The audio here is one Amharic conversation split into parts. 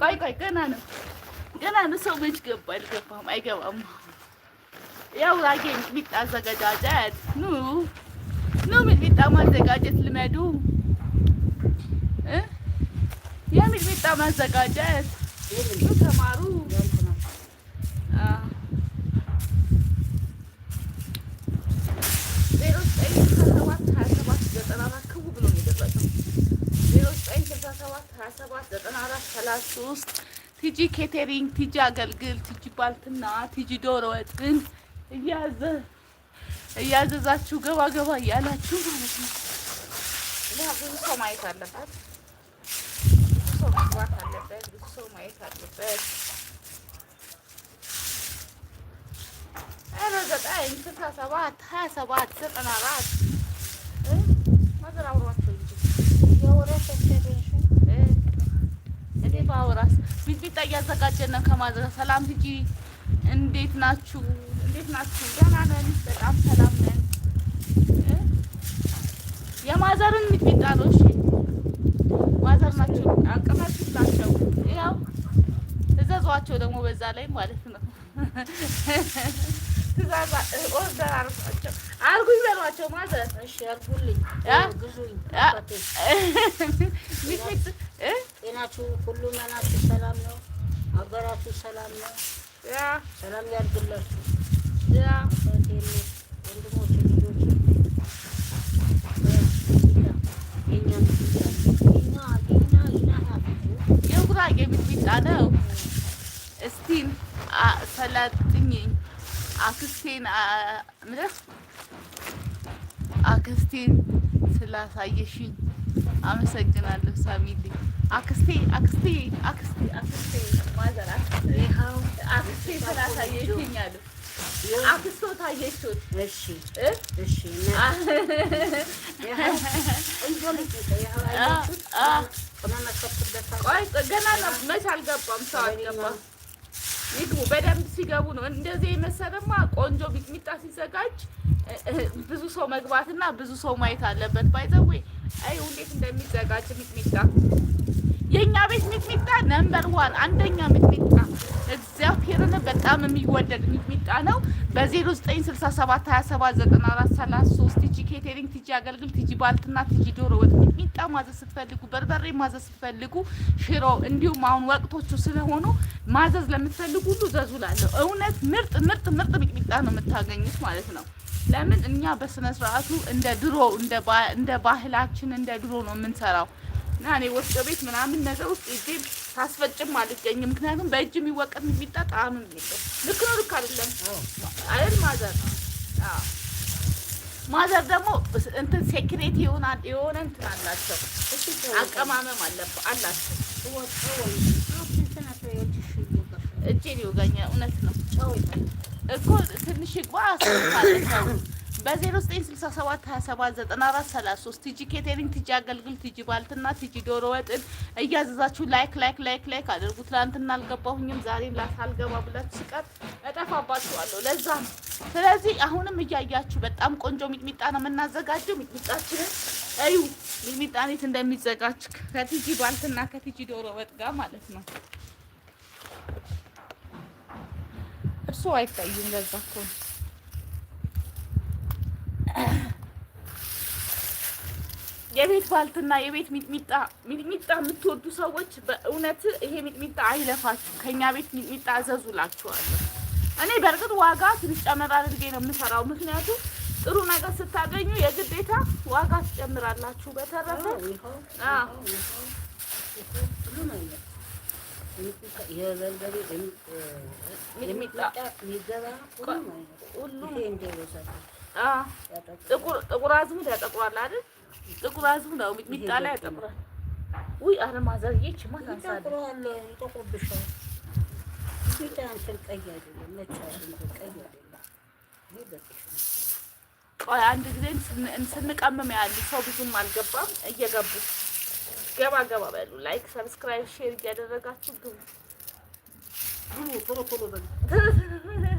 ቆይ ቆይ፣ ገና ነው ገና ነው። ሰው መች ገባ? አልገባም፣ አይገባም። ያው ራጌ ሚጥሚጣ አዘገጃጀት ኑ ኑ፣ ሚጥሚጣ ማዘጋጀት ልመዱ። የሚጥሚጣ ማዘጋጀት ኑ ተማሩ። 67 ቲጂ ኬቴሪንግ፣ ቲጂ አገልግል፣ ቲጂ ባልትና፣ ቲጂ ዶሮ ወጥን እያዘዛችሁ ገባ ገባ እያላችሁ ማለት ነው። ብዙ ሰው ማየት አለባት፣ ብዙ ሰው መግባት አለበት፣ ብዙ ሰው ማየት አለበት። ኧረ ዘጠኝ ስልሳ ሰባት ሀያ ሰባት ዘጠና አራት እንዴት ባወራስ? ሚጥሚጣ እያዘጋጀን ነው ከማዘጋ ሰላም ልጅ እንዴት ናችሁ? እንዴት ናችሁ? ደህና ነን፣ በጣም ሰላም ነን። የማዘርን ሚጥሚጣ ነው። እሺ ማዘር ናቸው አቅማችሁ ናቸው። ያው እዘዟቸው ደግሞ በዛ ላይ ማለት ነው። ትእዛዝ ኦርደር አድርጓቸው አድርጉኝ በሏቸው ማዘር። እሺ አድርጉልኝ፣ ግዙኝ ናችሁ? ሁሉ መናችሁ ሰላም ነው? አገራችሁ ሰላም ነው? ሰላም ያድርግላችሁ። ወንድሞች ልጆች፣ የጉራጌ ብልቢጫ ነው። እስቲን ሰላጥኝ አክስቴን ምረስ አክስቴን ስላሳየሽኝ አመሰግናለሁ ሳሚሊ አክስቴ አክስቴ አክስቴ አክስቴ ማዘር አክስቴ ስላሳየችኝ አሉ። አክስቶ እሺ እሺ። ቆይ ገና መች አልገባም፣ ሰው አልገባም ይግቡ። በደንብ ሲገቡ ነው እንደዚህ የመሰለማ ቆንጆ ሚጥሚጣ ሲዘጋጅ ብዙ ሰው መግባትና ብዙ ሰው ማየት አለበት። ባይዘዌ አይ እንዴት እንደሚዘጋጅ ሚጥሚጣ የእኛ ቤት ሚጥሚጣ ነምበር ዋን አንደኛ ሚጥሚጣ እግዚአብሔርን በጣም የሚወደድ ሚጥሚጣ ነው። በ0967279433 ቲጂ ኬቴሪንግ፣ ቲጂ አገልግል፣ ቲጂ ባልትና፣ ቲጂ ዶሮ ወጥ ሚጥሚጣ ማዘዝ ስትፈልጉ፣ በርበሬ ማዘዝ ስትፈልጉ፣ ሽሮ እንዲሁም አሁን ወቅቶቹ ስለሆኑ ማዘዝ ለምትፈልጉ ሁሉ ዘዙ ላለሁ እውነት ምርጥ ምርጥ ምርጥ ሚጥሚጣ ነው የምታገኙት ማለት ነው። ለምን እኛ በስነ ስርዓቱ እንደ ድሮ እንደ ባህላችን እንደ ድሮ ነው የምንሰራው። እና እኔ ወፍጮ ቤት ምናምን ነገር ውስጥ ይዜ ታስፈጭም አልገኝም። ምክንያቱም በእጅ የሚወቀት የሚጣ ጣም የሚለው ልክ ነው። ልክ አይደለም አይደል? ማዘር ማዘር ደግሞ እንትን ሴክሬት የሆነ የሆነ እንትን አላቸው፣ አቀማመም አለበት አላቸው። እጄን ይወጋኛል። እውነት ነው እኮ ትንሽ ይግባ አስታለሰው በ0967279433 ቲጂ ኬቴሪንግ፣ ቲጂ አገልግል፣ ቲጂ ባልትና፣ ቲጂ ዶሮ ወጥን እያዘዛችሁ ላይክ ላይክ ላይክ ላይክ አድርጉ። ትናንትና አልገባሁኝም ዛሬም ላልገባ ብላችሁ ሲቀር እጠፋባችኋለሁ። ለዛ ነው። ስለዚህ አሁንም እያያችሁ በጣም ቆንጆ ሚጥሚጣ ነው የምናዘጋጀው። ሚጥሚጣችንን እዩ። ሚጥሚጣ እንዴት እንደሚዘጋጅ ከቲጂ ባልትና ከቲጂ ዶሮ ወጥ ጋር ማለት ነው። እርሱ አይታዩም። ለዛ ነው የቤት ባልትና የቤት ሚጥሚጣ ሚጥሚጣ የምትወዱ ሰዎች በእውነት ይሄ ሚጥሚጣ አይለፋችሁ። ከኛ ቤት ሚጥሚጣ እዘዙላችኋለሁ። እኔ በእርግጥ ዋጋ ትንሽ ጨመር አድርጌ ነው የምሰራው፣ ምክንያቱም ጥሩ ነገር ስታገኙ የግዴታ ዋጋ ትጨምራላችሁ። በተረፈ ሁሉም ጥቁር አዝሙድ ያጠቁራል አይደል? ጥቁር አዝሙድ ነው የሚጣላ ያጠቁራል። ውይ አረ ማዘርዬ ይችማ ቆይ አንድ ጊዜ ስንቀመም ያሉ ሰው ብዙም አልገባም። እየገቡ ገባ ገባ በሉ። ላይክ፣ ሰብስክራይብ፣ ሼር እያደረጋችሁ ግቡ ቶሎ ቶሎ በሉ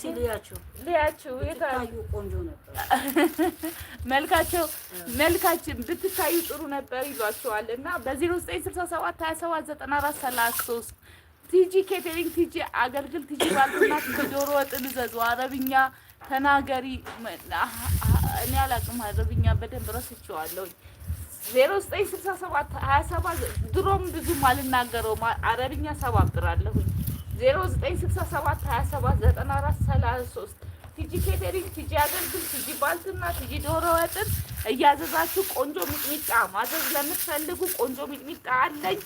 እስኪ ልያችሁ ቆንጆ ነበር መልካቸው መልካችን ብትታዩ ጥሩ ነበር ይሏቸዋል። እና በ0967 27 94 33 ቲጂ ኬተሪንግ፣ ቲጂ አገልግል፣ ቲጂ ባልትና ዶሮ ወጥን ዘዙ። አረብኛ ተናገሪ እኔ አላቅም አረብኛ በደንብ ረስቼዋለሁኝ። 0967 27 ድሮም ብዙም አልናገረውም አረብኛ ሰባብራለሁኝ 0967 27 94 ቲጂ ኬተሪንግ፣ ቲጂ አገልግል፣ ቲጂ ባልትና፣ ቲጂ ዶሮ ወጥን እያዘዛችሁ ቆንጆ ሚጥሚጣ ማዘዝ ለምትፈልጉ ቆንጆ ሚጥሚጣ አለኝ።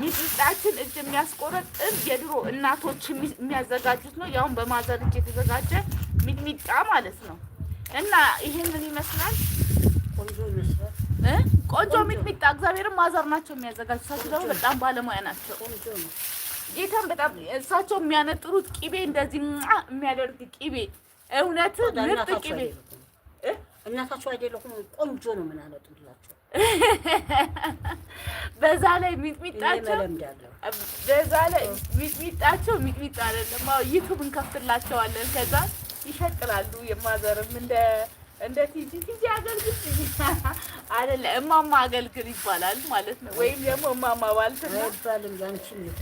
ሚጥሚጣችን እጅ የሚያስቆረጥም የድሮ እናቶች የሚያዘጋጁት ነው። ያሁን በማዘር እጅ የተዘጋጀ ሚጥሚጣ ማለት ነው እና ይህንን ይመስላል። ቆንጆ ሚጥሚጣ እግዚአብሔርን ማዘር ናቸው የሚያዘጋጁ። እሳቸው ደግሞ በጣም ባለሙያ ናቸው። ጌታን በጣም እሳቸው የሚያነጥሩት ቂቤ እንደዚህ የሚያደርግ ቂቤ እውነት ምርጥ ቂቤ እናታቸው አይደለሁም። ቆንጆ ነው። ምን አለጡላቸው። በዛ ላይ ሚጥሚጣቸው በዛ ላይ ሚጥሚጣቸው ሚጥሚጣ አይደለም። አዎ ዩቱብ እንከፍትላቸዋለን። ከዛ ይሸቅላሉ። የማዘርም እንደ እንደ ቲጂ ቲጂ አገልግል አይደለ እማማ አገልግል ይባላል ማለት ነው። ወይም ደግሞ እማማ ባልትና አይባልም ያንቺ ነው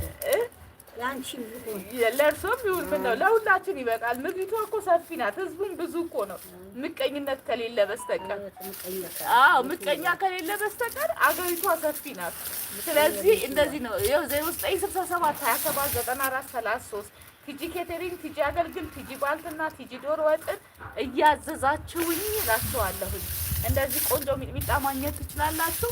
ለአንቺም ቢሆን ለእርሶም ቢሆን ለሁላችን ይበቃል። ምድሪቷ እኮ ሰፊ ናት፣ ህዝቡም ብዙ እኮ ነው። ምቀኝነት ከሌለ በስተቀር አዎ፣ ምቀኛ ከሌለ በስተቀር አገሪቷ ሰፊ ናት። ስለዚህ እንደዚህ ነው። ይኸው ዜሮ ዘጠኝ ስልሳ ሰባት ሀያ ሰባት ዘጠና አራት ሰላሳ ሶስት ቲጂ ኬተሪንግ፣ ቲጂ አገልግል፣ ቲጂ ባልትና ቲጂ ዶሮ ወጥን እያዘዛችሁኝ እላችኋለሁኝ። እንደዚህ ቆንጆ ሚጥሚጣ ማግኘት ትችላላችሁ።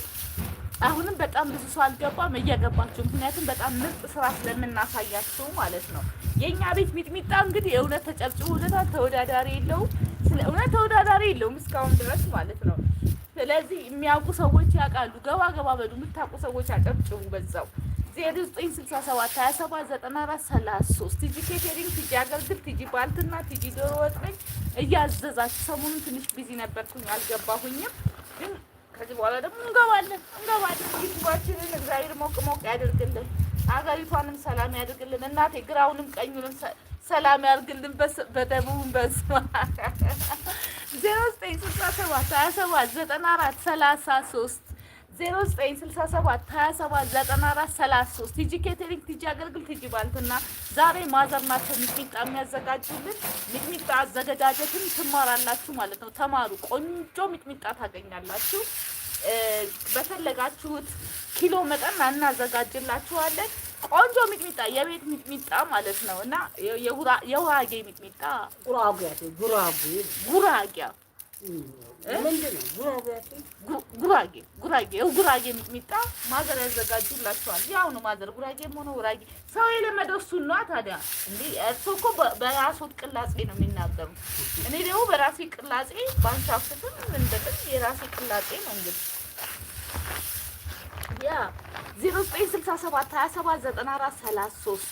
አሁንም በጣም ብዙ ሰው አልገባም፣ እየገባችሁ ምክንያቱም በጣም ምርጥ ስራ ስለምናሳያችሁ ማለት ነው። የእኛ ቤት ሚጥሚጣ እንግዲህ እውነት ተጨብጭቦለታል። ተወዳዳሪ የለውም፣ እውነት ተወዳዳሪ የለውም እስካሁን ድረስ ማለት ነው። ስለዚህ የሚያውቁ ሰዎች ያውቃሉ። ገባ ገባ በሉ የምታውቁ ሰዎች አጨብጭቡ በዛው ዘጠኝ ስልሳ ሰባት ሰባት ሀያ ዘጠና አራት ሶስት ቲጂ ኬቴሪንግ ቲጂ አገልግል፣ ቲጂ ባልትና፣ ቲጂ ዶሮ ወጥ ነኝ እያዘዛችሁ። ሰሞኑን ትንሽ ቢዚ ነበርኩኝ አልገባሁኝም ግን ከዚህ በኋላ ደግሞ እንገባለን እንገባለን። ይቱባችንን እግዚአብሔር ሞቅ ሞቅ ያደርግልን፣ አገሪቷንም ሰላም ያደርግልን። እናቴ ግራውንም ቀኙንም ሰላም ያደርግልን በደቡብም በስማ ዜሮ ዘጠኝ ስልሳ ሰባት ሀያ ሰባት ዘጠና አራት ሰላሳ ሶስት 0967279433 ቲጂ ኬተሪንግ፣ ቲጂ አገልግል፣ ቲጂ ባልትና ዛሬ ማዘር ናቸው ሚጥሚጣ የሚያዘጋጁልን። ሚጥሚጣ አዘገጃጀትን ትማራላችሁ ማለት ነው። ተማሩ፣ ቆንጆ ሚጥሚጣ ታገኛላችሁ። በፈለጋችሁት ኪሎ መጠን እናዘጋጅላችኋለን። ቆንጆ ሚጥሚጣ የቤት ሚጥሚጣ ማለት ነው እና የጉራጌ ሚጥሚጣ ጉራጌ ጉራጌ ጉራጌ ጉራጌ ያው ጉራጌ ሚጥሚጣ ማዘር ያዘጋጁላቸዋል። ያው ነው ማዘር ጉራጌም ሆኖ ጉራጌ ሰው የለመደው እሱን ነዋ። ታዲያ እንደ እርሶ እኮ በራሶት ቅላጼ ነው የሚናገሩት። እኔ ደግሞ በራሴ ቅላጼ ባንሳፍትም እንደት የራሴ ቅላጼ ነው እንግዲህ ያ 0967 27 94 33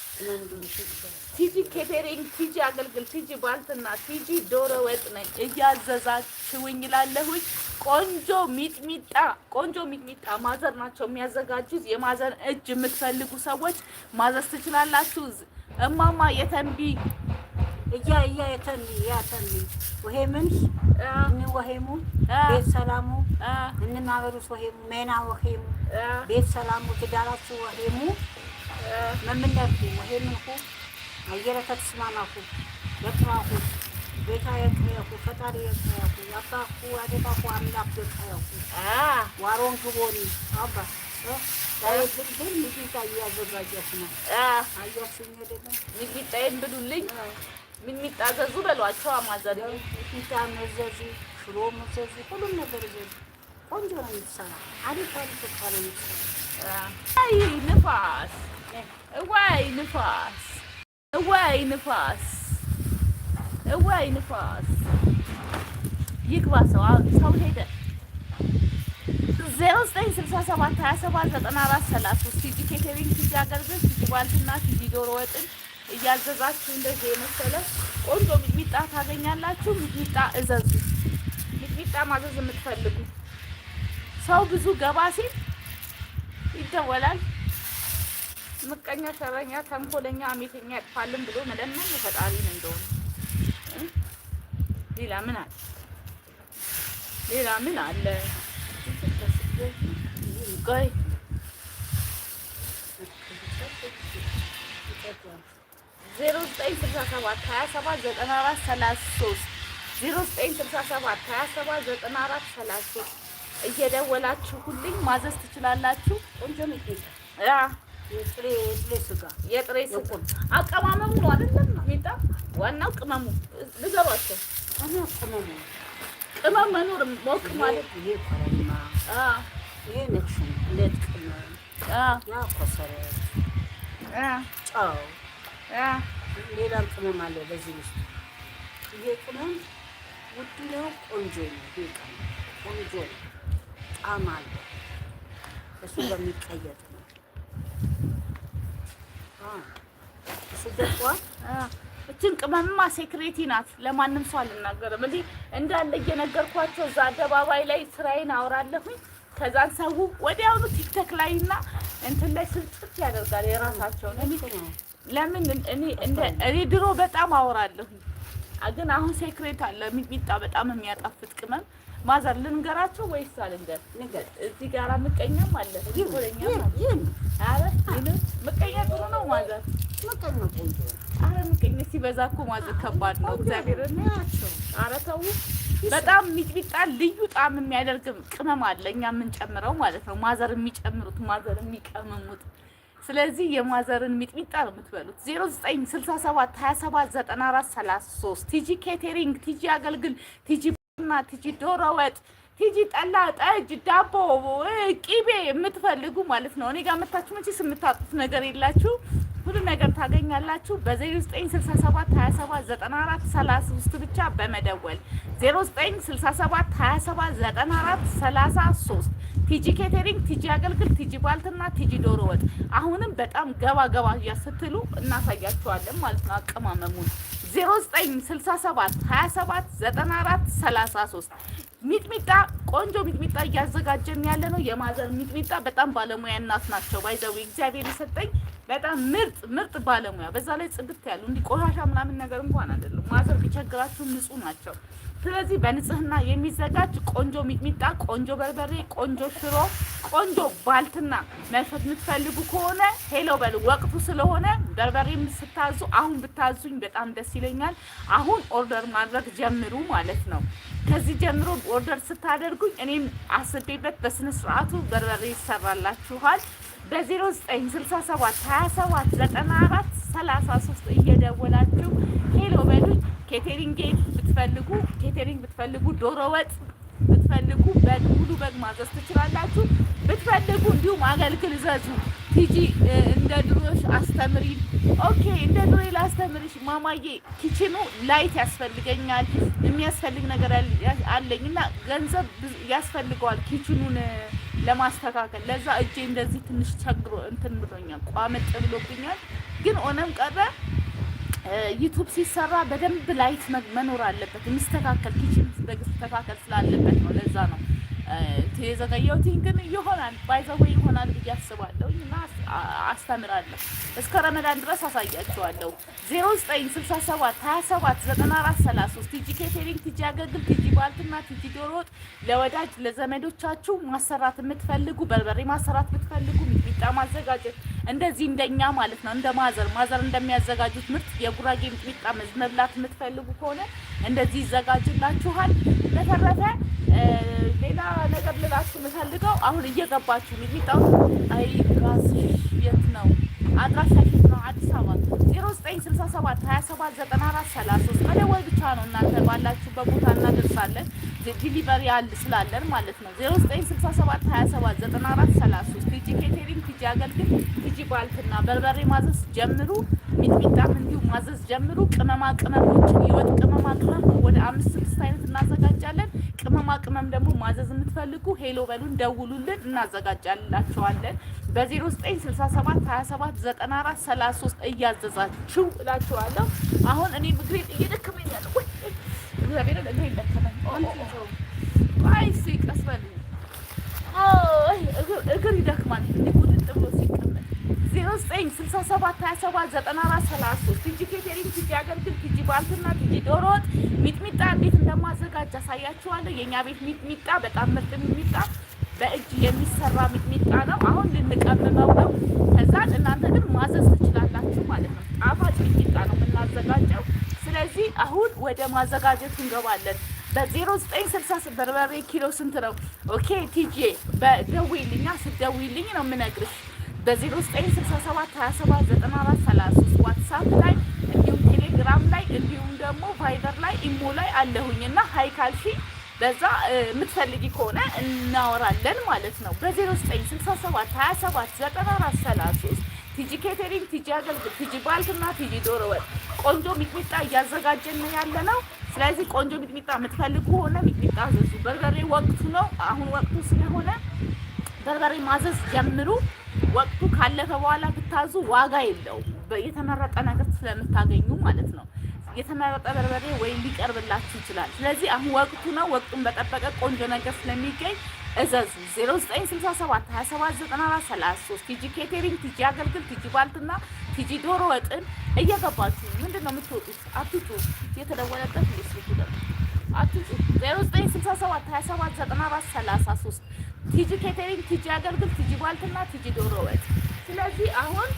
ቲጂ ኬቴሪንግ፣ ቲጂ አገልግል፣ ቲጂ ባልትና፣ ቲጂ ዶሮ ወጥ ነኝ እያዘዛችሁኝ እላለሁኝ። ቆንጆ ሚጥሚጣ ቆንጆ ሚጥሚጣ ማዘር ናቸው የሚያዘጋጁት። የማዘር እጅ የምትፈልጉ ሰዎች ማዘዝ ትችላላችሁ። እማማ የተንቢ እያ እያ የተን ያተን ወሄምንሽ እን ወሄሙ ቤት ሰላሙ እንናበሩስ ወሄሙ ሜና ወሄሙ ቤት ሰላሙ ትዳራችሁ ወሄሙ መምነርኩ ወሄምንኩ አየረ ተስማማኩ ለጥራኩ ቤታ የቅየኩ ፈጣሪ የቅየኩ አባኩ አዴታኩ አምላክ የቅየኩ ዋሮን ግቦኒ አባ ሚጥሚጣ እያዘጋጃች ነው። አያችሁኝ አይደለም ሚጥሚጣዬን ብሉልኝ። ምን የሚጣዘዙ በሏቸው። አማዘር ፊታ መዘዙ፣ ሽሮ መዘዙ፣ ሁሉም ነገር ዘዙ። ቆንጆ ነው የምትሰራ አሪፍ አሪፍ ነው የምትሰራ። አይ ንፋስ፣ እዋይ ንፋስ፣ እዋይ ንፋስ፣ እዋይ ንፋስ ይግባ ሰው ሰው ሄደ። ዜሮ ዘጠና ቲጂ ኬተሪንግ፣ ቲጂ አገርግን፣ ቲጂ ቲጂ ዶሮ ወጥን እያዘዛችሁ እንደዚህ የመሰለ ቆንጆ ሚጥሚጣ ታገኛላችሁ። ሚጥሚጣ እዘዙ። ሚጥሚጣ ማዘዝ የምትፈልጉ ሰው ብዙ ገባ ሲል ይደወላል። ምቀኛ፣ ሸረኛ፣ ተንኮለኛ፣ አሜተኛ ያጥፋልን ብሎ መለመን የፈጣሪን እንደሆነ ሌላ ምን አለ? ሌላ ምን አለ? ቆይ እየደወላችሁ እየደወላችሁልኝ ማዘዝ ትችላላችሁ። ቆንጆ ሚጥሚጣ የጥሬ ስጋ አቀማመሙ ነው አይደለም ሚጣ ዋናው ቅመሙ ንገሯቸው። ቅመም መኖር ሞቅ ማለት ይሄ ሌላም ቅመም አለው በዚህ ውስጥ። ይሄ ቅመም ውድ ነው፣ ቆንጆ ነው። ቆንጆ ነው፣ ጣዕም አለው። እሱ በሚቀየጥ ነው። እሱ እችን ቅመምማ ሴክሬቲ ናት። ለማንም ሰው አልናገርም። እንዲህ እንዳለ እየነገርኳቸው እዛ አደባባይ ላይ ስራዬን አውራለሁኝ። ከዛን ሰው ወዲያውኑ ቲክቶክ ላይ እና እንትን ላይ ስልጥፍ ያደርጋል የራሳቸውን ለምን እኔ ድሮ በጣም አወራለሁ፣ ግን አሁን ሴክሬት አለ ሚጥሚጣ በጣም የሚያጣፍጥ ቅመም ማዘር ልንገራቸው ወይስ አልንገር? እዚህ ጋር ምቀኛም አለ ምቀኛ ጥሩ ነው ማዘር። አረ ምቀኛ ሲበዛ እኮ ማዘር ከባድ ነው። እግዚአብሔር አረ ተው። በጣም ሚጥሚጣ ልዩ ጣዕም የሚያደርግ ቅመም አለ እኛ የምንጨምረው ማለት ነው። ማዘር የሚጨምሩት ማዘር የሚቀመሙት ስለዚህ የማዘርን ሚጥሚጣ ነው የምትበሉት። 0967 27 94 33 ቲጂ ኬቴሪንግ፣ ቲጂ አገልግል፣ ቲጂ ቡና፣ ቲጂ ዶሮ ወጥ፣ ቲጂ ጠላ፣ ጠጅ፣ ዳቦ፣ ቂቤ የምትፈልጉ ማለት ነው። እኔ ጋር መታችሁ መቼስ የምታጡት ነገር የላችሁ። ሁሉ ነገር ታገኛላችሁ። በ0967 27 94 33 ብቻ በመደወል 0967 27 94 33 ቲጂ ኬቴሪንግ፣ ቲጂ አገልግል፣ ቲጂ ባልትና ቲጂ ዶሮ ወጥ አሁንም በጣም ገባ ገባ እያስትሉ እናሳያችኋለን ማለት ነው አቀማመሙን 0967 27 94 33 ሚጥሚጣ ቆንጆ ሚጥሚጣ እያዘጋጀን ያለ ነው። የማዘር ሚጥሚጣ በጣም ባለሙያ እናት ናቸው። ባይዘዊ እግዚአብሔር የሰጠኝ በጣም ምርጥ ምርጥ ባለሙያ በዛ ላይ ጽድት ያሉ እንዲህ ቆሻሻ ምናምን ነገር እንኳን አይደለም። ማዘር ቢቸግራችሁ ንጹህ ናቸው። ስለዚህ በንጽህና የሚዘጋጅ ቆንጆ ሚጥሚጣ፣ ቆንጆ በርበሬ፣ ቆንጆ ሽሮ፣ ቆንጆ ባልትና መሸት የምትፈልጉ ከሆነ ሄሎ በል። ወቅቱ ስለሆነ በርበሬም ስታዙ አሁን ብታዙኝ በጣም ደስ ይለኛል። አሁን ኦርደር ማድረግ ጀምሩ ማለት ነው። ከዚህ ጀምሮ ኦርደር ስታደርጉኝ እኔም አስቤበት በስነ ስርዓቱ በርበሬ ይሰራላችኋል። በ0967279433 0967 27 እየደወላችሁ ሄሎ በሉኝ። ኬቴሪንግ ብትፈልጉ ኬቴሪንግ ብትፈልጉ ዶሮ ወጥ ብትፈልጉ በግ ሙሉ በግ ማዘዝ ትችላላችሁ። ብትፈልጉ እንዲሁም አገልግል ዘዙ። ቲጂ እንደ ድሮሽ አስተምሪ። ኦኬ እንደ ድሮ ላስተምርሽ ማማዬ። ኪችኑ ላይት ያስፈልገኛል፣ የሚያስፈልግ ነገር አለኝ እና ገንዘብ ያስፈልገዋል ኪችኑን ለማስተካከል ለዛ እጄ እንደዚህ ትንሽ ቸግሮ እንትን ብሎኛል፣ ቋመጥ ብሎብኛል። ግን ሆነም ቀረ ዩቱብ ሲሰራ በደንብ ላይት መኖር አለበት። የሚስተካከል ኪችን መስተካከል ስላለበት ነው። ለዛ ነው የዘገየሁትኝ ግን ይሆናል ባይዘው ይሆናል ብዬ አስባለሁ እና አስተምራለሁ። እስከ ረመዳን ድረስ አሳያችኋለሁ። 09 67 27 94 33 ቲጂ ኬተሪንግ፣ ቲጂ አገግል፣ ቲጂ ባልትና ቲጂ ዶሮ ወጥ ለወዳጅ ለዘመዶቻችሁ ማሰራት የምትፈልጉ በርበሬ ማሰራት የምትፈልጉ ሚጥሚጣ ማዘጋጀት እንደዚህ እንደኛ ማለት ነው እንደ ማዘር ማዘር እንደሚያዘጋጁት ምርት የጉራጌ ሚጥሚጣ መዝመብላት የምትፈልጉ ከሆነ እንደዚህ ይዘጋጅላችኋል። በተረፈ ሌላ ነገር ልላችሁ የምፈልገው አሁን እየገባችሁ ሚጥሚጣው አይ ራስሽ የት ነው አድራሻሽ አዲስ አበባ 0967 27 94 33 መደወል ብቻ ነው። እናንተ ባላችሁበት ቦታ እናደርሳለን። ዲሊቨሪ ስላለን ማለት ነው። 0967 27 94 33 ቲጂ ኬቴሪንግ፣ ቲጂ አገልግል፣ ቲጂ ባልትና በርበሬ ማዘዝ ጀምሩ። ሚጥሚጣም እንዲሁ ማዘዝ ጀምሩ። ቅመማ ቅመሞችን የወጥ ቅመማ ቅመም ወደ አምስት ስድስት አይነት እናዘጋጃለን። ቅመማ ቅመም ደግሞ ማዘዝ የምትፈልጉ ሄሎ በሉን፣ ደውሉልን፣ እናዘጋጃላቸዋለን በ0967 27 94 33 አራት ሶስት እያዘዛችሁ እላችኋለሁ። አሁን እኔ ምግሬን እየደከመኝ ያለው እግዚአብሔር ይደከመኝ። ቀስ በል እግር ይደክማል። ቁጥጥ ብሎ ሲቀመጥ ዜሮ ዘጠኝ ስልሳ ሰባት ሀያ ሰባት ዘጠና አራት ሰላሳ ሶስት አገልግል፣ ባልትና፣ ዶሮ ወጥ ሚጥሚጣ እንዴት እንደማዘጋጅ አሳያችኋለሁ። የእኛ ቤት ሚጥሚጣ በጣም ምርጥ ሚጥሚጣ በእጅ የሚሰራ ሚጥሚጣ ነው። አሁን ልንቀምመው ነው። እናንተ ግን ማዘዝ ሰርቲፊካ ነው የምናዘጋጀው። ስለዚህ አሁን ወደ ማዘጋጀቱ እንገባለን። በ0960 በርበሬ ኪሎ ስንት ነው? ኦኬ ቲጄ በደውይልኛ ስደውይልኝ ነው የምነግርሽ። በ0967 279433 ዋትሳፕ ላይ እንዲሁም ቴሌግራም ላይ እንዲሁም ደግሞ ቫይበር ላይ ኢሞ ላይ አለሁኝ እና ሀይ ካልሺ በዛ የምትፈልጊ ከሆነ እናወራለን ማለት ነው። በ0967 279433 ቲጂ ኬተሪንግ፣ ቲጂ አገልግሎት፣ ቲጂ ባልትና ቲጂ ዶሮ ወጥ ቆንጆ ሚጥሚጣ እያዘጋጀን ያለ ነው። ስለዚህ ቆንጆ ሚጥሚጣ የምትፈልጉ ሆነ ሚጥሚጣ አዘዙ። በርበሬ ወቅቱ ነው። አሁን ወቅቱ ስለሆነ በርበሬ ማዘዝ ጀምሩ። ወቅቱ ካለፈ በኋላ ብታዙ ዋጋ የለውም። የተመረጠ ነገር ስለምታገኙ ማለት ነው። የተመረጠ በርበሬ ወይም ሊቀርብላችሁ ይችላል። ስለዚህ አሁን ወቅቱ ነው። ወቅቱን በጠበቀ ቆንጆ ነገር ስለሚገኝ እዘዙ። 0967 279433 ቲጂ ኬቴሪንግ፣ ቲጂ አገልግል፣ ቲጂ ባልትና ቲጂ ዶሮ ወጥን እየገባችሁ ምንድን ነው የምትወጡት? አትጩ። የተደወለበት ሊስቱ ደ አትጩ። 0967 279433 ቲጂ ኬቴሪንግ፣ ቲጂ አገልግል፣ ቲጂ ባልትና ቲጂ ዶሮ ወጥ። ስለዚህ አሁን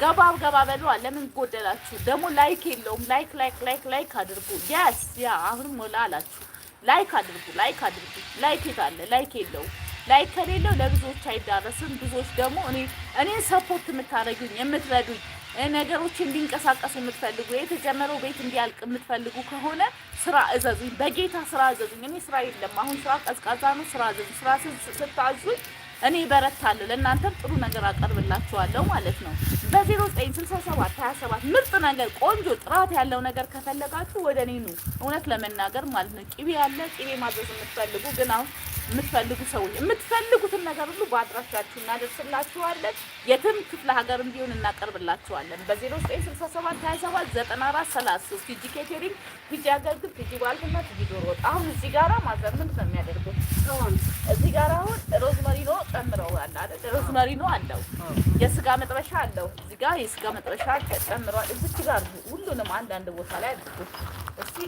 ገባብ ገባ በሏ። ለምን ጎደላችሁ ደግሞ? ላይክ የለውም። ላይክ ላይክ ላይክ ላይክ አድርጉ። ያስ ያ አሁንም ሞላ አላችሁ። ላይክ አድርጉ፣ ላይክ አድርጉ። ላይክ የት ላይክ የለውም። ላይክ ከሌለው ለብዙዎች አይዳረስም። ብዙዎች ደግሞ እኔ እኔ ሰፖርት የምታደርጉኝ የምትረዱኝ ነገሮች እንዲንቀሳቀሱ የምትፈልጉ የተጀመረው ቤት እንዲያልቅ የምትፈልጉ ከሆነ ስራ እዘዙኝ፣ በጌታ ስራ እዘዙኝ። እኔ ስራ የለም አሁን ስራ ቀዝቃዛ ነው። ስራ እዘዙኝ። ስራ ስታዙኝ እኔ በረታለሁ። ለእናንተም ጥሩ ነገር አቀርብላችኋለሁ ማለት ነው። 27 ምርጥ ነገር ቆንጆ ጥራት ያለው ነገር ከፈለጋችሁ ወደ እኔ ኑ። እውነት ለመናገር ማለት ነው። ቂቤ ያለ ቂቤ ማዘዝ የምትፈልጉ ግን አሁን የምትፈልጉ ሰዎች የምትፈልጉትን ነገር ሁሉ በአድራሻችሁ እናደርስላችኋለን። የትም ክፍለ ሀገርም ቢሆን እናቀርብላችኋለን። በ0967279430 ቲጂ ኬቴሪንግ፣ ቲጂ አገልግል፣ ቲጂ ባልትና ቲጂ ዶሮ ወጥ። አሁን እዚህ ጋራ ማዘር ምንድን ነው የሚያደርጉት? እዚህ ጋራ አሁን ሮዝመሪኖ ጨምረዋል አይደል? ሮዝመሪኖ አለው፣ የስጋ መጥበሻ አለው። እዚህ ጋር የስጋ መጥበሻ ጨምረዋል። እዚህ ጋር ሁሉንም አንዳንድ ቦታ ላይ አድርጉ እስኪ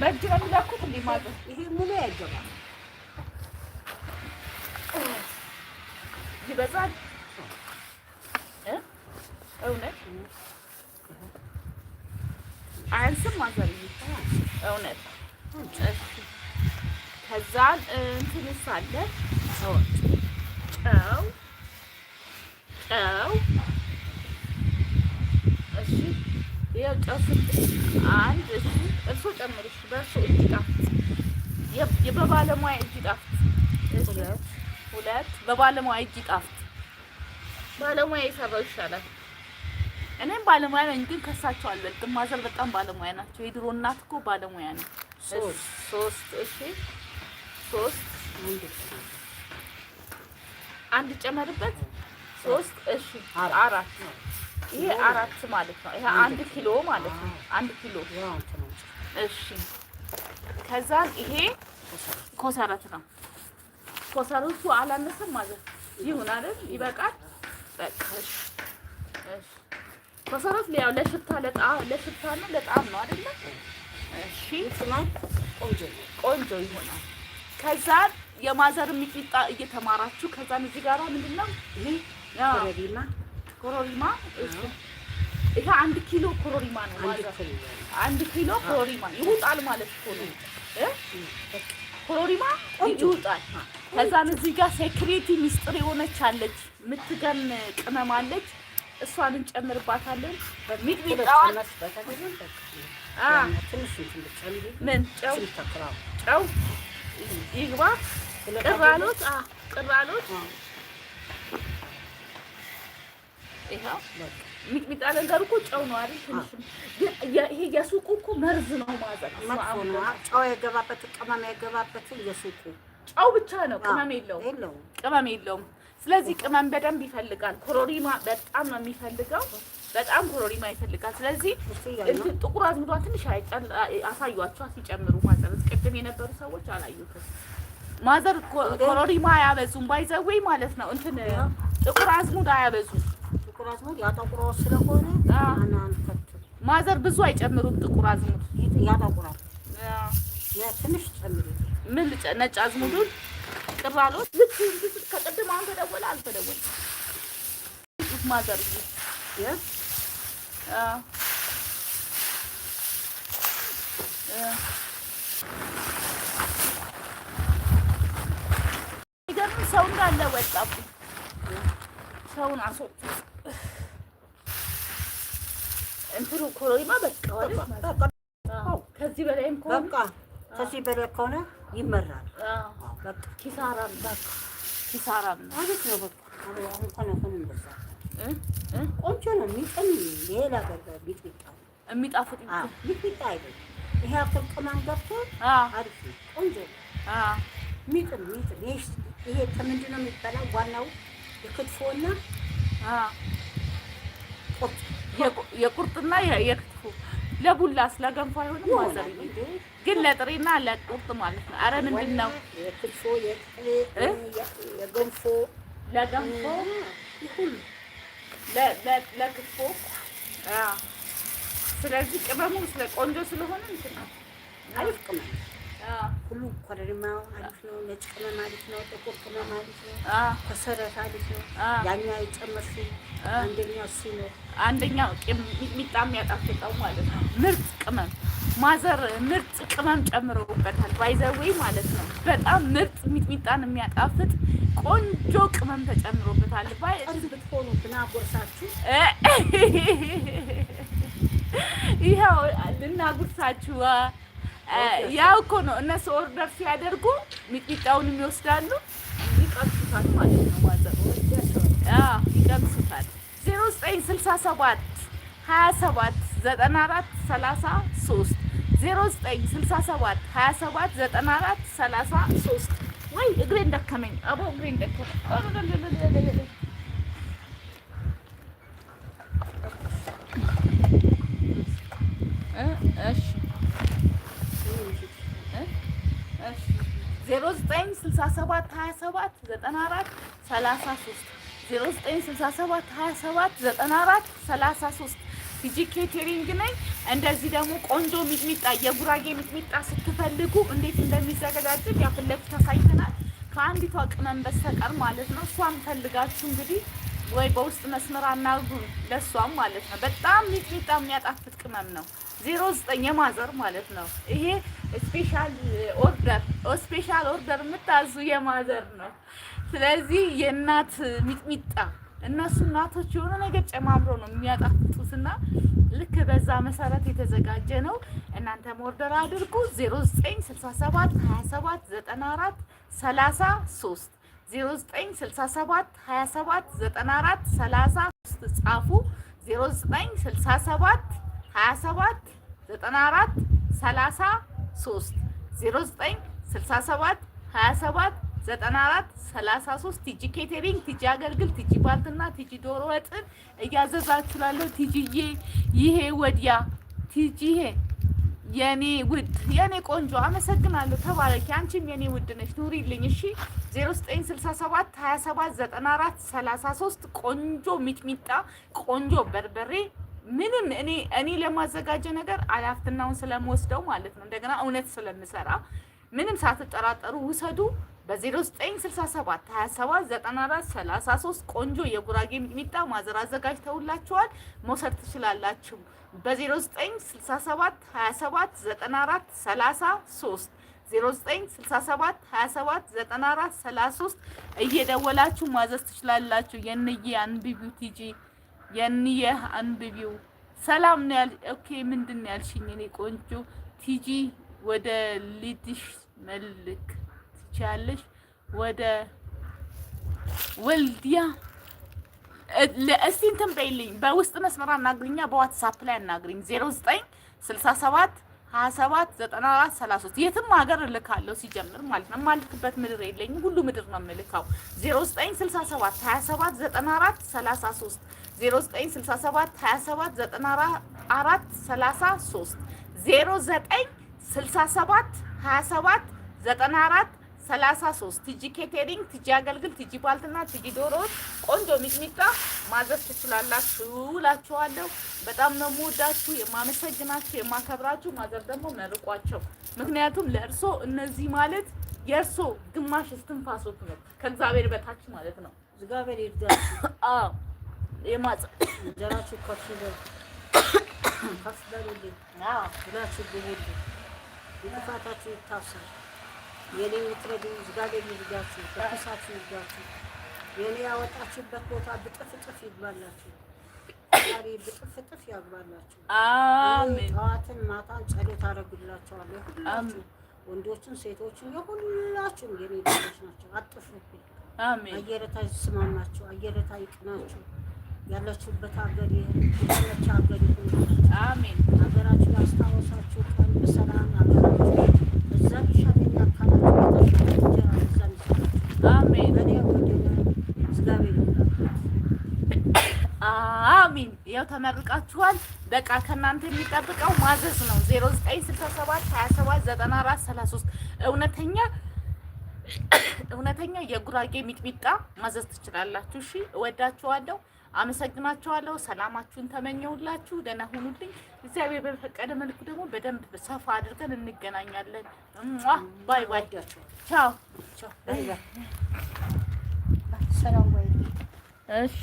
በእጅ ነው የሚላኩት። እንደ ማጡ ይሄ ሙሉ ያይገባል፣ ይበዛል። እውነት አያንስም። ማዘር እውነት ከዛን እንትንስ አለ ጨው ጨው እሺ ይኸው ጨሱ አንድ እሱ እርሶ ጨምሪ በእርሶ እጅ ጣፍት በባለሙያ እጅ ጣፍት ሁለት በባለሙያ እጅ ጣፍት ባለሙያ የሰራው ይሻላል። እኔም ባለሙያ ነኝ፣ ግን ከሳቸው አልበልጥም። ማዘር በጣም ባለሙያ ናቸው። የድሮ እናት እኮ ባለሙያ ነው። ሶስት እሺ፣ ሶስት አንድ ጨመርበት። ሶስት እሺ፣ አራት ይሄ አራት ማለት ነው። ይሄ አንድ ኪሎ ማለት ነው። አንድ ኪሎ እሺ። ከዛን ይሄ ኮሰረት ነው። ኮሰረቱ አላነሰም ማለት ይሁን አይደል? ይበቃል። በቃ እሺ፣ እሺ። ኮሰረት ያው ለሽታ ለጣ ለሽታ ነው ለጣም ነው አይደለ? እሺ። ቆንጆ ቆንጆ ይሆናል። ከዛን የማዘር ሚጥሚጣ እየተማራችሁ ከዛን እዚህ ጋር ምንድነው ይሄ ያ ኮሮሪማ ይሄ አንድ ኪሎ ኮሮሪማ ነው። አንድ ኪሎ ኮሮሪማ ይውጣል ማለት ነው። ኮሮሪማ ይውጣል። ከዛን እዚህ ጋር ሴክሬቲ ሚስጥር የሆነች አለች፣ ምትገን ቅመም አለች። እሷን እንጨምርባታለን። ጨው ጨው ይግባ። ቅራሎት ቅራሎት ይኸው ሚጥሚጣ ነገር እኮ ጨው ነው አይደል? ትንሽም ይሄ የሱቁ እኮ መርዝ ነው ማለት ነው። ጨው የገባበት ቅመም የገባበት የሱቁ ጨው ብቻ ነው፣ ቅመም የለውም። ቅመም የለውም። ስለዚህ ቅመም በደንብ ይፈልጋል። ኮሮሪማ በጣም ነው የሚፈልገው። በጣም ኮሮሪማ ይፈልጋል። ስለዚህ ጥቁር አዝሙዷ ትንሽ አሳዩአቸው ሲጨምሩ ማዘር። ቅድም የነበሩ ሰዎች አላዩትም። ማዘር ኮሮሪማ አያበዙም፣ ባይዘወይ ማለት ነው። እንትን ጥቁር አዝሙድ አያበዙም ጥቁር አዝሙድ ስለሆነ ማዘር ብዙ አይጨምሩም። ጥቁር አዝሙድ ያ ትንሽ ጨምሩ። ምን ነጭ አዝሙዱን ቅራሎት ልክ ልክ ከቅድም አሁን ተደወለ አልተደወለ ማዘር ይገርም ሰው እንዳለ ወጣብኝ ሰውን አስወጡት። እንትኑ ኮሎሪማ በቃ ከዚህ በላይም ከሆነ ከዚህ በላይ ከሆነ ይመራል። ቆንጆ ነው። የሚጥም ሌላ የሚጣፍጥ ቢጥሚጣ አይደለም። ይሄ አኩል ቅመም ገብቶ አሪፍ ነው። ቆንጆ ሚጥም ሚጥም ይሄ ከምንድን ነው የሚበላው? ዋናው የክትፎና የቁርጥና የክትፎ ለቡላስ ለገንፎ አይሆንም። ማዘር ግን ለጥሬና ለቁርጥ ማለት ነው። አረ ምንድን ነው ለገንፎ ለክትፎ። ስለዚህ ቅመሙ ቆንጆ ስለሆነ አሪፍ ቅመም ሁሉ ኮረሪማው አሪፍ ነው። ነጭ ቅመም አሪፍ ነው። ጥቁር ቅመም አሪፍ ነው። ኮሰረት አሪፍ ነው። ያኛው የጨመርሽ አንደኛው እሱ ነው። አንደኛው ሚጣ የሚያጣፍጠው ማለት ነው። ምርጥ ቅመም ማዘር ምርጥ ቅመም ጨምረውበታል። ባይዘዌይ ማለት ነው። በጣም ምርጥ ሚጥሚጣን የሚያጣፍጥ ቆንጆ ቅመም ተጨምሮበታል። ባይ ብትሆኑ ግን ይኸው ልናጉርሳችሁ ያው እኮ ነው እነሱ ኦርደር ሲያደርጉ ሚጥሚጣውን የሚወስዳሉ ይቀምሱታል ማለት ነው። ይቀምሱታል። ዜሮ ዘጠኝ ስልሳ ሰባት ሀያ ሰባት ዘጠና አራት ሰላሳ ሶስት ዜሮ ዘጠኝ ስልሳ ሰባት ሀያ ሰባት ዘጠና አራት ሰላሳ ሶስት ወይ እግሬን ደከመኝ አቦ እግሬን ደከመኝ። እሺ 0967279433 ቲጂ ኬተሪንግ ነኝ። እንደዚህ ደግሞ ቆንጆ ሚጥሚጣ የጉራጌ ሚጥሚጣ ስትፈልጉ እንዴት እንደሚዘገጃጅ ያፈለግ ተሳይተናል። ከአንዲቷ ቅመም በስተቀር ማለት ነው። እሷም ፈልጋችሁ እንግዲህ ወይ በውስጥ መስመር አናግሩን ለእሷም ማለት ነው። በጣም ሚጥሚጣ የሚያጣፍጥ ቅመም ነው። ዜሮ ዘጠኝ የማዘር ማለት ነው። ይሄ ስፔሻል ኦርደር ስፔሻል ኦርደር የምታዙ የማዘር ነው። ስለዚህ የእናት ሚጥሚጣ እነሱ እናቶች የሆነ ነገር ጨማምሮ ነው የሚያጣፍጡትና ልክ በዛ መሰረት የተዘጋጀ ነው። እናንተም ኦርደር አድርጉ 0967 27 94 33 0967 27 94 33 ጻፉ 0967 27 94 33 09 67 27 94 33 ቲጂ ኬተሪንግ፣ ቲጂ አገልግል፣ ቲጂ ባልትና ቲጂ ዶሮ ወጥን እያዘዛችሁ ላለው ቲጂዬ ይሄ ወዲያ ቲጂ የኔ ውድ የኔ ቆንጆ አመሰግናለሁ። ተባረኪ። አንቺም የኔ ውድ ነሽ። ኑሪልኝ። እሺ 0967 27 94 33 ቆንጆ ሚጥሚጣ፣ ቆንጆ በርበሬ ምንም እኔ እኔ ለማዘጋጀ ነገር አላፍትናውን ስለምወስደው ማለት ነው። እንደገና እውነት ስለምሰራ ምንም ሳትጠራጠሩ ውሰዱ። በ0967 27 94 33 ቆንጆ የጉራጌ ሚጥሚጣ ማዘር አዘጋጅተውላችኋል፣ መውሰድ ትችላላችሁ። በ0967 27 94 33 0967 27 94 33 እየደወላችሁ ማዘዝ ትችላላችሁ። የእንዬ አንቢ የንየህ አንብቢው ሰላም ነው ያል ኦኬ፣ ምንድን ነው ያልሽኝ? እኔ ቆንጆ ቲጂ ወደ ልድሽ መልክ ትችያለሽ። ወደ ወልዲያ እስቲ እንትን በይልኝ፣ በውስጥ መስመር አናግሪኛ፣ በዋትሳፕ ላይ አናግሪኝ 0967 ሀያሰባት ዘጠና አራት ሰላሳ ሶስት የትም ሀገር እልካለሁ ሲጀምር ማለት ነው። የማልክበት ምድር የለኝም፣ ሁሉ ምድር ነው የምልካው። ዜሮ ዘጠኝ ስልሳ ሰባት ሀያ ሰባት ዘጠና አራት ሰላሳ ሶስት ዜሮ ዘጠኝ ስልሳ ሰባት ሀያ ሰባት ዘጠና አራት ሰላሳ ሶስት ዜሮ ዘጠኝ ስልሳ ሰባት ሀያ ሰባት ዘጠና አራት ሰላሳ ሶስት ትጂ ኬቴሪንግ፣ ትጂ አገልግል፣ ትጂ ባልትና፣ ትጂ ዶሮዎች ቆንጆ ሚጥሚጣ ማዘዝ ትችላላችሁ ላችኋለሁ በጣም ነው የምወዳችሁ፣ የማመሰግናችሁ፣ የማከብራችሁ። ማዘር ደግሞ መርቋቸው፣ ምክንያቱም ለእርሶ እነዚህ ማለት የእርሶ ግማሽ እስትንፋሶት ነው፣ ከእግዚአብሔር በታች ማለት ነው። እግዚአብሔር ይርዳችሁ። የማጽ ጀራችሁ ከፍ ይበል ከፍ በሉልኝ፣ ሁላችሁ ይሄዱ፣ ልፋታችሁ ይታሰብ። የኔ ውትረዱ ዝጋቤር ይርዳችሁ፣ በክሳችሁ ይርዳችሁ። የኔ ያወጣችሁበት ቦታ ብጥፍ እጥፍ ይግባላችሁ። ዛሬ ብጥፍ እጥፍ ያግባላችሁ። አሜን። ጠዋትን ማታን ጸሎት አደርግላችኋለሁ። ሁላችሁ ወንዶችን፣ ሴቶችን የሁላችሁም የኔ ልጆች ናቸው። አጥፉ። አሜን። አየረታ ይስማማችሁ፣ አየረታ ይቅናችሁ። ያላችሁበት ሀገር ያለች ሀገር ይሁን። አሜን። ሀገራችሁ ያስታወሳችሁ ቀን በሰላም ሀገራችሁ እዛ ይሻለኛ ካላችሁ የተሻለ እንጀራ እዛ ይሰጣችሁ። አሜን። በኔ ወደነ እግዚአብሔር አሚን። ያው ተመርቃችኋል። በቃ ከእናንተ የሚጠብቀው ማዘዝ ነው። 0967 27 33 እውነተኛ እውነተኛ የጉራጌ ሚጥሚጣ ማዘዝ ትችላላችሁ። እሺ፣ እወዳችኋለሁ። አመሰግናችኋለሁ። ሰላማችሁን ተመኘውላችሁ ደህና ሁኑልኝ። እግዚአብሔር በፈቀደ መልኩ ደግሞ በደንብ ሰፋ አድርገን እንገናኛለን። ባይ ባይ። ቻው። እሺ